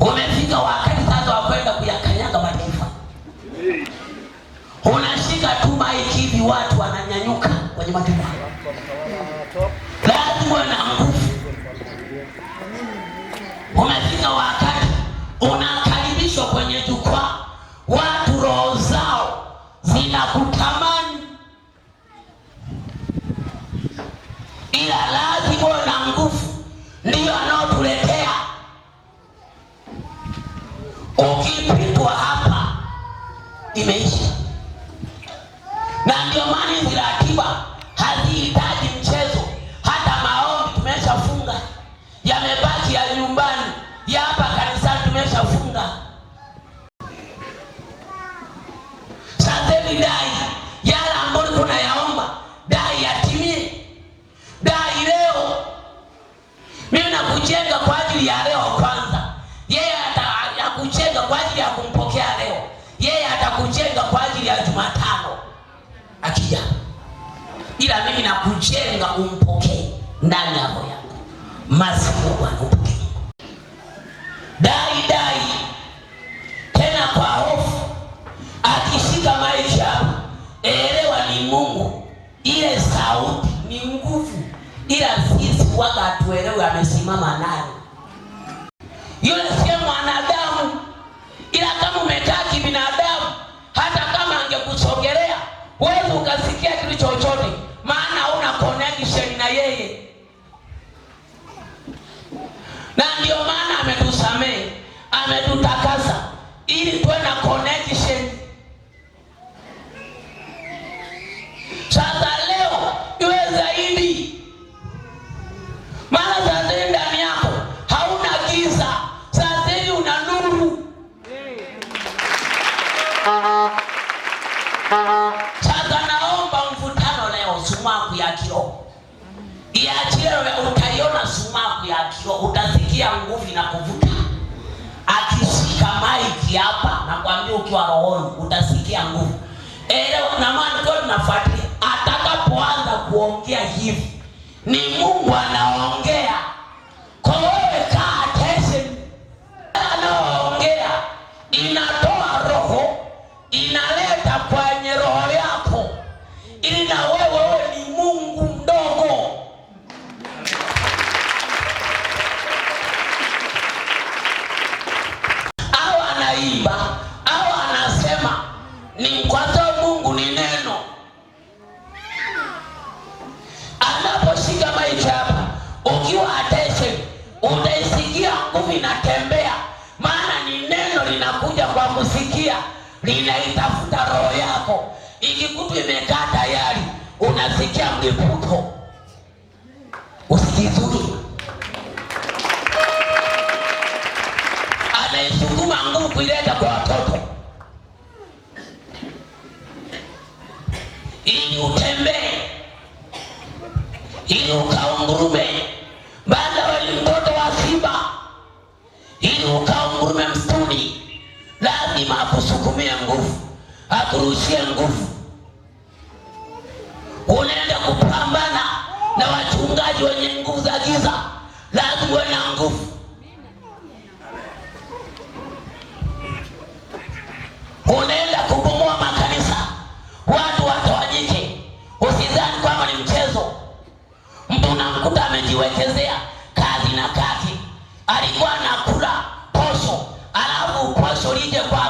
Umefika wakati sasa wa kwenda kuyakanyaga mataifa. Unashika tu maiki hivi, watu wananyanyuka kwenye mataifa. Lazima na nguvu. Umefika wakati unakaribishwa kwenye jukwaa, watu roho zao zinakutamani, ila lazima na nguvu. imeisha, na ndio maana hizi ratiba hazihitaji mchezo. Hata maombi tumeshafunga, yamebaki ya nyumbani ya hapa ila mimi nakujenga umpokee ndani ya roho yako. Masifu Bwana, upokee dai dai, tena kwa hofu, akishika maisha yako. Elewa ni Mungu, ile sauti ni nguvu, ila sisi waga hatuelewe amesimama nayo yule sio mwanadamu. anafuatilia, atakapoanza kuongea hivi, ni Mungu anaongea vyangu vinatembea, maana ni neno linakuja kwa kusikia, linaitafuta roho yako. Ikikutu imekaa tayari, unasikia mlipuko, usikizuri zuri anaisukuma nguvu kuileta kwa watoto ili utembee, ili ukaungurume kutumia nguvu, akurushia nguvu. Unaenda kupambana na wachungaji wenye nguvu za giza, lazima uwe na nguvu. Unaenda kubomoa makanisa, watu watawanyike. Usidhani kwamba ni mchezo. Mtu unamkuta amejiwekezea kazi na kazi, alikuwa anakula posho, alafu posho lije kwa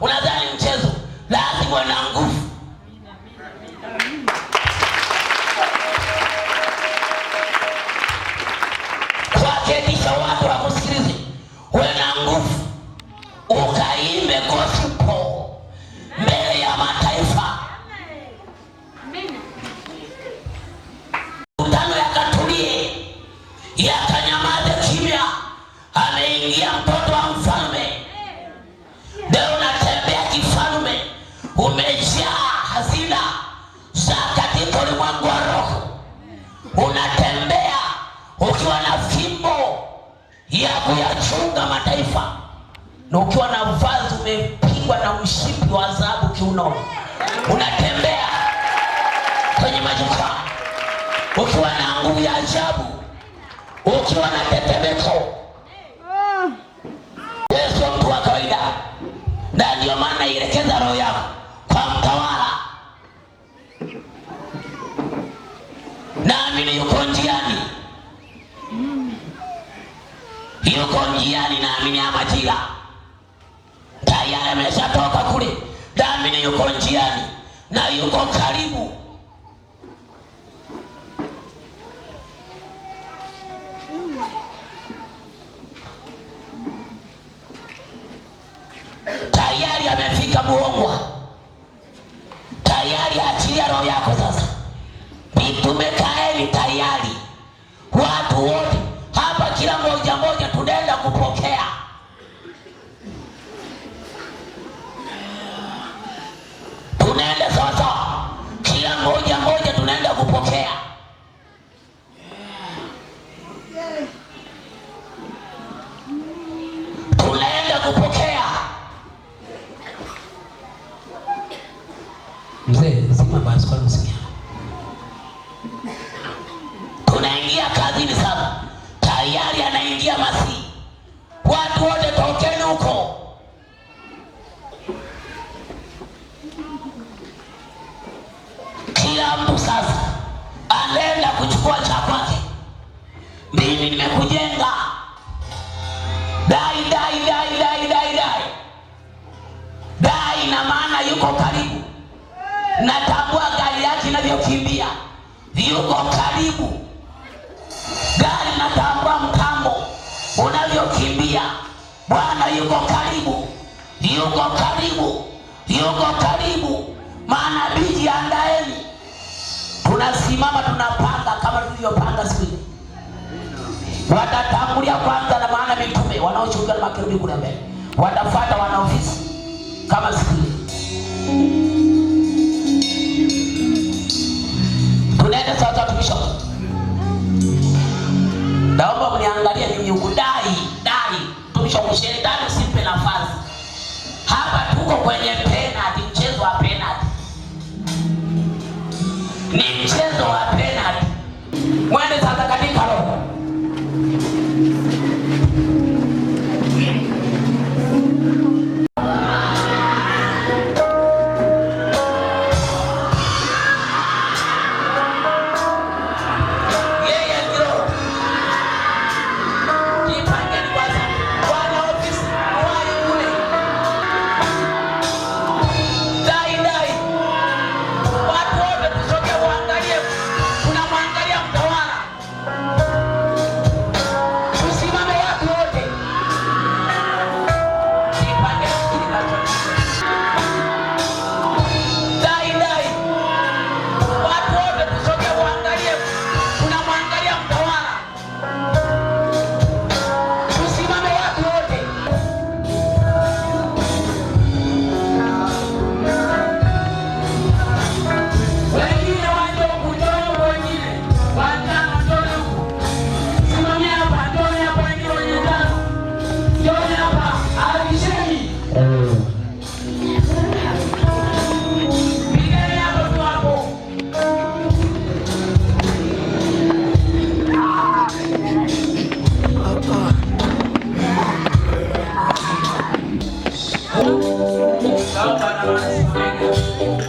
Unadhani mchezo lazima umepigwa na mshipi wa dhahabu kiunoni, unatembea kwenye majukwaa ukiwa na nguvu ya ajabu, ukiwa na tetemeko. Yesu mtu wa kawaida, na ndio maana ilekeza roho yako kwa mtawala. Naamini yuko njiani, yuko njiani, naamini ya majira haya yameshatoka kule, dami ni yuko njiani na yuko karibu. Tayari amefika muongwa, tayari. Achilia roho yako sasa, mitume kaeni tayari, watu Mimi nimekujenga. Dai dai dai dai dai dai. Dai na maana yuko karibu. Natambua gari yake inavyokimbia. Yuko karibu. Gari natambua mkambo unavyokimbia. Bwana yuko karibu. Yuko karibu. Yuko karibu. Maana biji andaeni. Tunasimama tunapanga kama tulivyopanga siku watatangulia kwanza, na maana mitume wanaoshuhudia na makerubi kule mbele watafuata, wana ofisi kama siku ile. tunaenda saa tatu kisha. Naomba mniangalie ninyi huku, dai dai, tumsha shetani, usimpe nafasi hapa, tuko kwenye pe Thank you.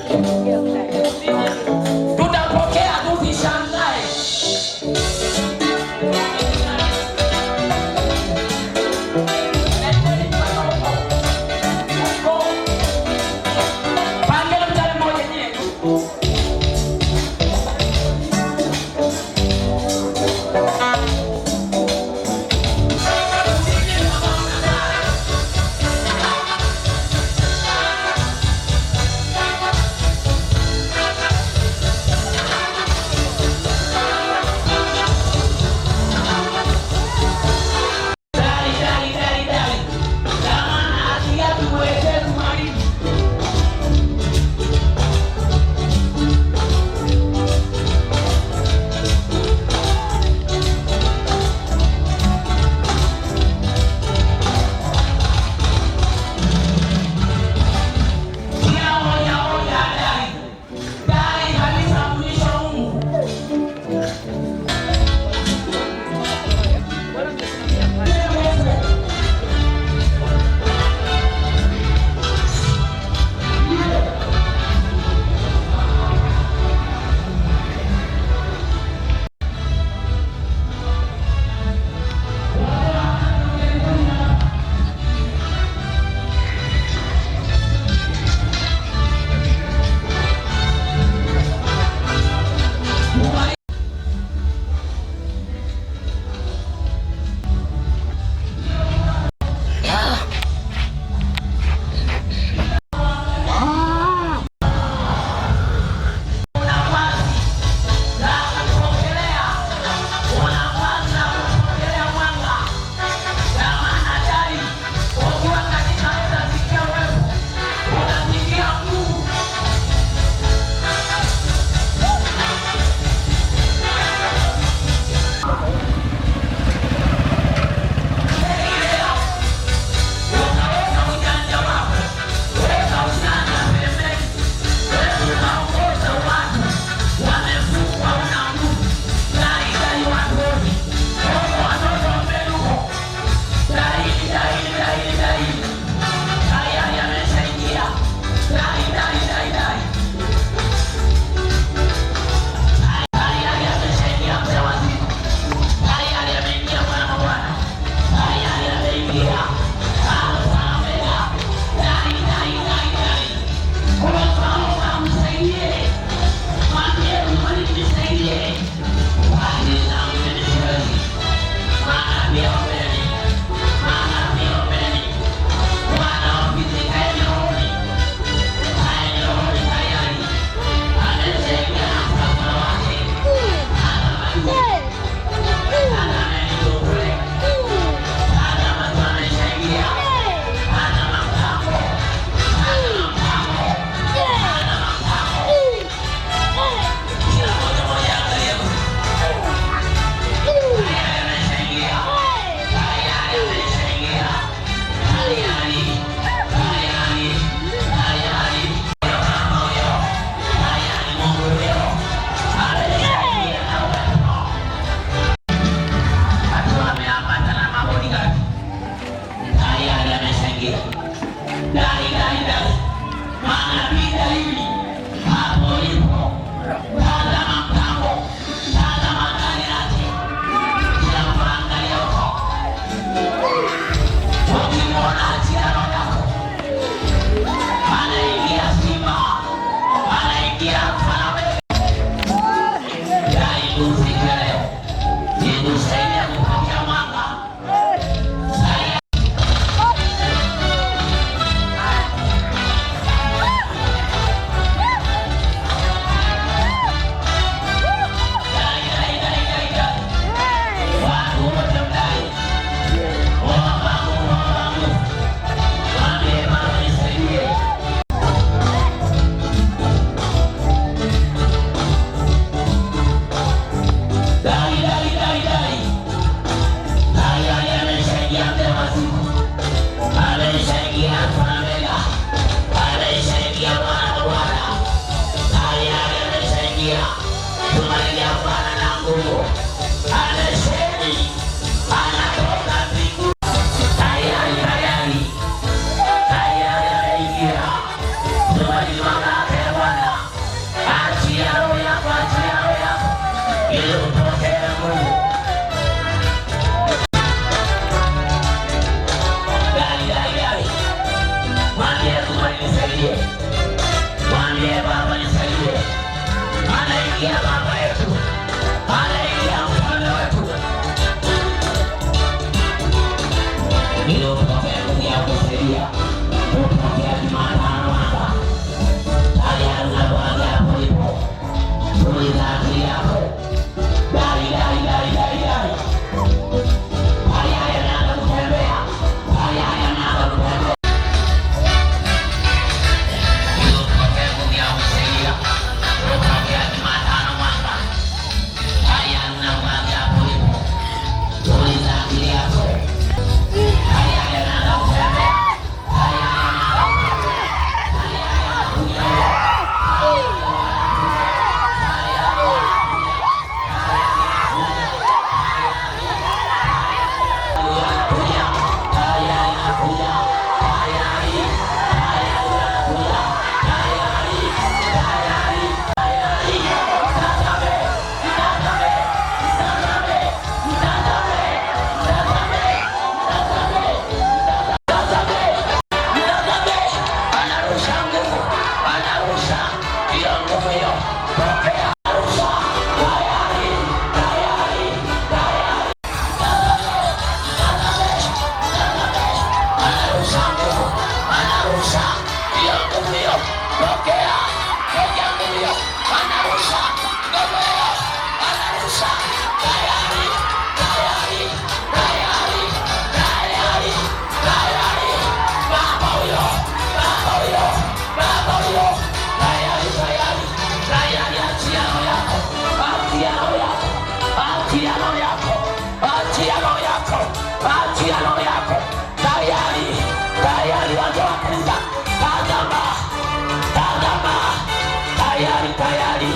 tayari,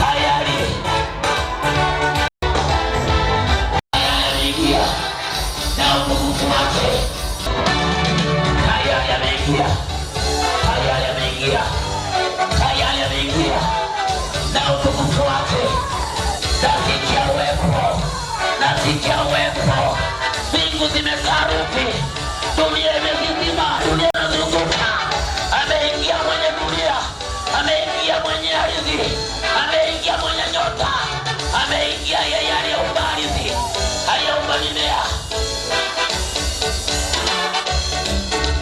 tayari, tayari, ameingia na utukufu wake, tayari ameingia, tayari ameingia, tayari ameingia na utukufu wake, nasikia uwepo, nasikia uwepo, mbingu zimestarufi, dunia ime kupitia yeye aliyeumba ardhi, aliyeumba mimea.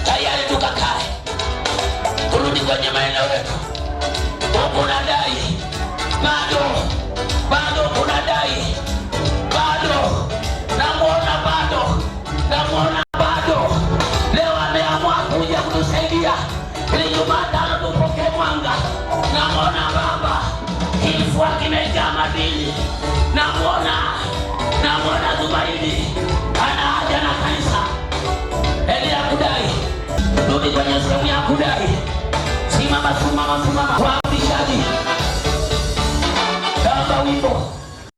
Tayari tukakae, turudi kwenye maeneo yetu. Mungu nadai bado, bado kunadai bado, namwona bado, namwona bado. Leo ameamua kuja kutusaidia ili Jumatano tupokee mwanga. Namwona Baba, kifua kimejaa madini. kudai. Simama, simama, simama. Waamishaji, tamba wimbo,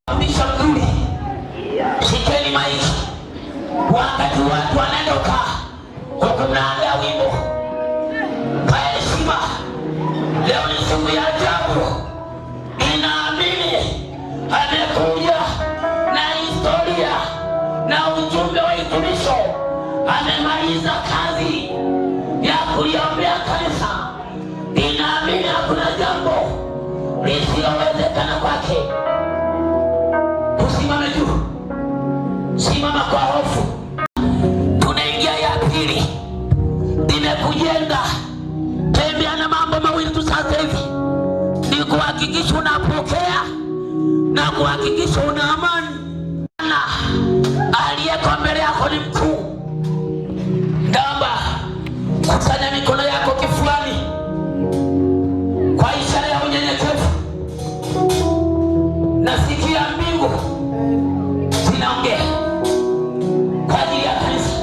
waamisha mduri, shikeni maisha. Wakati watu wanandoka kwa mnaambia wimbo kwa heshima. Leo ni siku ya ajabu, ninaamini amekuja na historia na ujumbe wa hitimisho, amemaliza kazi ya kuliombea kanisa. Ninaamini hakuna jambo lisiyowezekana kwake. Kusimama juu, simama kwa hofu. Tunaingia ya pili, nimekujenga. Tembea na mambo mawili tu sasa hivi, ni kuhakikisha unapokea na kuhakikisha una amani. kusanya mikono yako kifuani kwa ishara ya unyenyekevu. Nasikia mbingu zinaongea kwa ajili ya kanisa.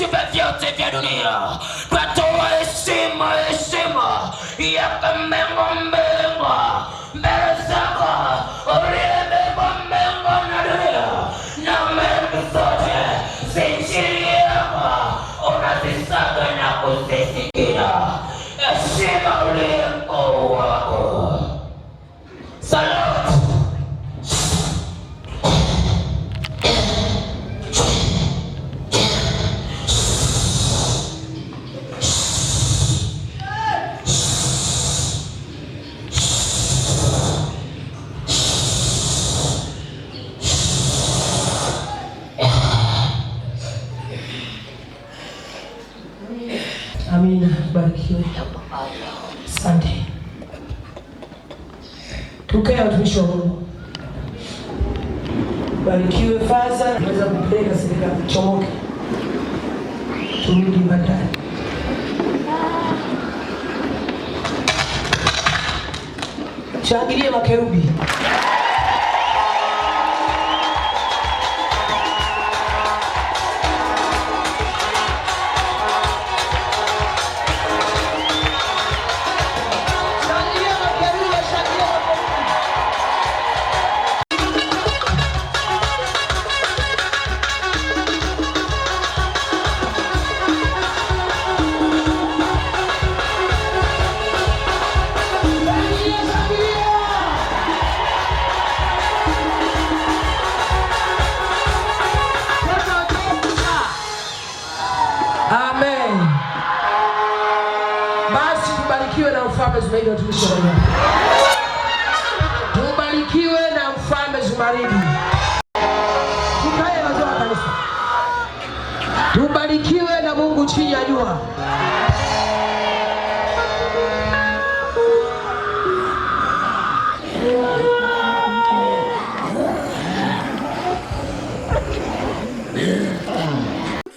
viumbe vyote vya dunia, twatoa heshima heshima ya Kamang'ombe. Amina, barikiwe. Asante. Tukae watumishi wa Mungu. Barikiwe faza, naweza kupeleka serikali chomoke, turudi baadaye. Changilie makerubi. ndio tumishi wa na Mfalme Zumaridi. Tukae wazee wa kanisa. Tubarikiwe na Mungu chini ya jua.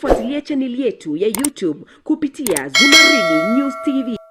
Fuatilia chaneli yetu ya YouTube kupitia Zumaridi News TV.